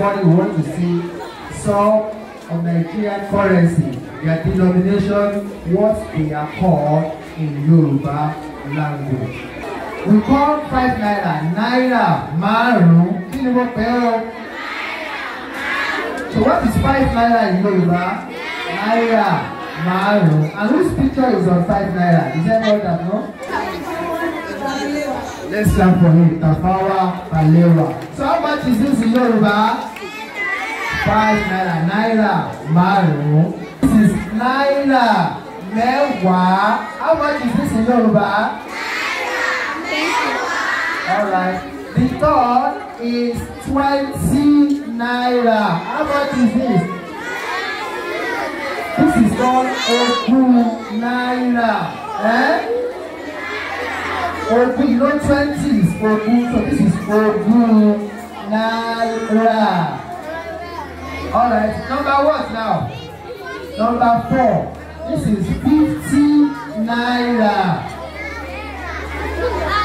everybody want to see some of Nigerian currency, their denomination, what they are called in Yoruba language. We call five naira naira maru. ún kí ni mo pè é So what is five naira in Yoruba? Naira maru. and whose picture is on five naira? Is that all that no? Let's clap for him. Tafawa Balewa. So how much is this in Yoruba? Five naira. Naira. Maru. This is naira. Mẹ́wàá. How much is this in Yoruba? Naira. Mẹ́wàá. Alright. The third is twenty naira. How much is this? This is called Oku Naira. Eh? ogún you know twenty is so this is ogún naira. Alright, number what now? Number four. This is fifty naira.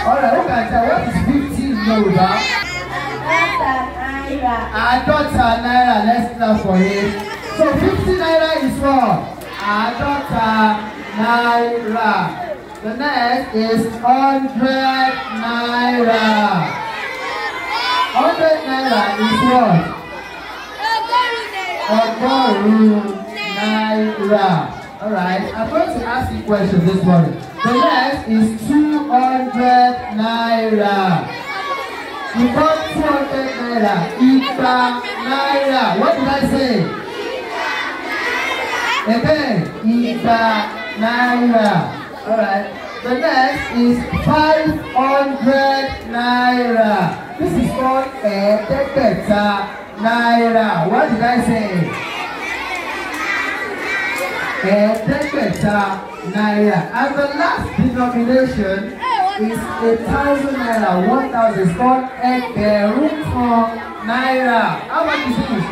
Alright, look at that. what is fifty Yoruba? Àádọ́ta náírà. Àádọ́ta náírà, let's clap for him. So fifty naira is what? Àádọ́ta naira. The next is 100 Naira. 100 Naira is what? Ogoru Naira. Alright, I'm going to ask you questions this morning. The next is 200 Naira. You got 200 Naira. Ita Naira. What did I say? Okay. Ita Naira. Alright. The next is 500 naira. This is called a ẹ̀ẹ́dẹ́gbẹ̀ta naira. What did I say? A ẹ̀ẹ́dẹ́gbẹ̀ta naira. And the last denomination is a thousand naira. One thousand is called a kan naira. How much is this?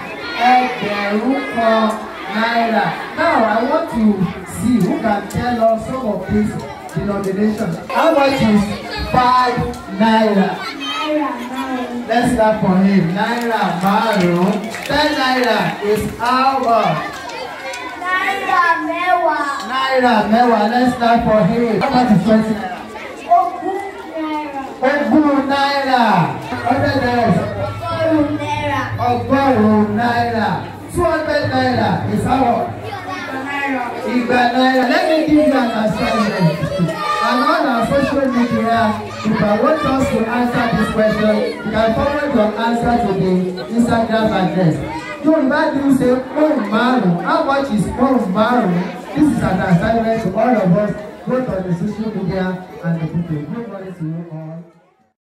A kan naira. Now I want to see who can tell us some of these denominations. How much is five naira? Let's clap for him. Naira márùn Ten naira is how Naira mewa. Naira mewa. Let's clap for him. How much is twenty naira? Ogún naira. Ogún naira. Hundred naira. Ọgọ́rùn-ún naira. ọgọ́rùn naira. Two naira is our. Igba Naira. Let me give you an assignment. And on our social media, if you want us to answer this question, you can forward your answer to Instagram address. Yoruba do say ohun marun. How much is ohun marun? This is an assignment to all of us, both on the social media and the people. Good morning to you all.